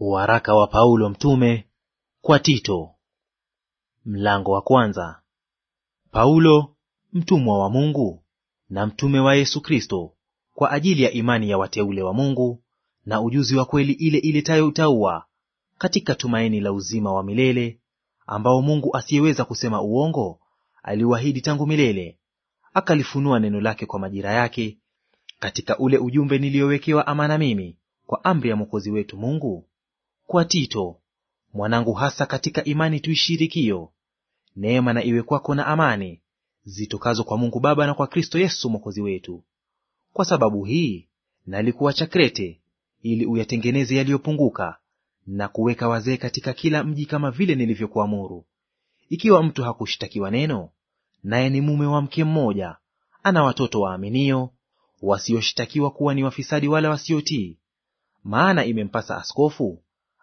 Waraka wa Paulo mtume kwa Tito, mlango wa kwanza. Paulo mtumwa wa Mungu na mtume wa Yesu Kristo, kwa ajili ya imani ya wateule wa Mungu na ujuzi wa kweli ile iletayo utaua katika tumaini la uzima wa milele, ambao Mungu asiyeweza kusema uongo aliwaahidi tangu milele, akalifunua neno lake kwa majira yake, katika ule ujumbe niliyowekewa amana mimi kwa amri ya Mwokozi wetu Mungu kwa Tito mwanangu, hasa katika imani tuishirikio, neema na iwe kwako na amani zitokazo kwa Mungu Baba na kwa Kristo Yesu Mwokozi wetu. Kwa sababu hii nalikuacha Krete, ili uyatengeneze yaliyopunguka na kuweka wazee katika kila mji, kama vile nilivyokuamuru. Ikiwa mtu hakushtakiwa neno, naye ni mume wa mke mmoja, ana watoto waaminio, wasioshtakiwa kuwa ni wafisadi wala wasiotii, maana imempasa askofu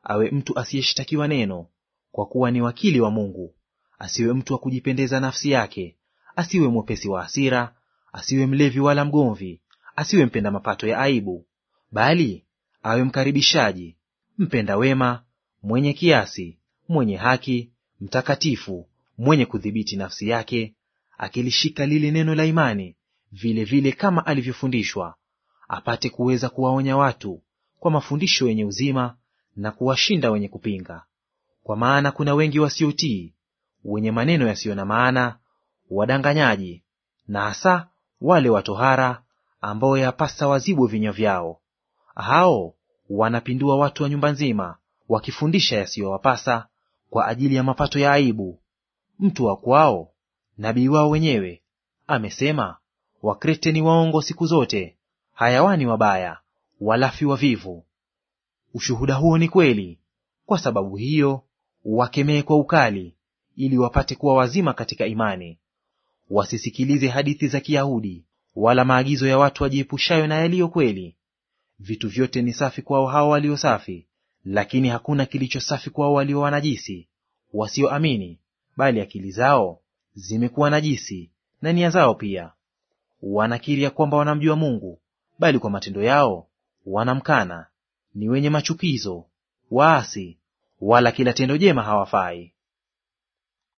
awe mtu asiyeshtakiwa neno, kwa kuwa ni wakili wa Mungu. Asiwe mtu wa kujipendeza nafsi yake, asiwe mwepesi wa hasira, asiwe mlevi wala mgomvi, asiwe mpenda mapato ya aibu, bali awe mkaribishaji, mpenda wema, mwenye kiasi, mwenye haki, mtakatifu, mwenye kudhibiti nafsi yake, akilishika lile neno la imani vilevile vile kama alivyofundishwa, apate kuweza kuwaonya watu kwa mafundisho yenye uzima na kuwashinda wenye kupinga. Kwa maana kuna wengi wasiotii, wenye maneno yasiyo na maana, wadanganyaji, na hasa wale watohara, ambao yapasa wazibu vinywa vyao. Hao wanapindua watu wa nyumba nzima, wakifundisha yasiyowapasa kwa ajili ya mapato ya aibu. Mtu wa kwao, nabii wao wenyewe, amesema, Wakrete ni waongo siku zote, hayawani wabaya, walafi wavivu. Ushuhuda huo ni kweli. Kwa sababu hiyo wakemee kwa ukali, ili wapate kuwa wazima katika imani. Wasisikilize hadithi za Kiyahudi wala maagizo ya watu wajiepushayo na yaliyo kweli. Vitu vyote ni safi kwao hao walio safi, lakini hakuna kilicho safi kwao walio wanajisi, wasioamini; bali akili zao zimekuwa najisi na nia zao pia. Wanakiri ya kwamba wanamjua Mungu, bali kwa matendo yao wanamkana, ni wenye machukizo, waasi, wala kila tendo jema hawafai.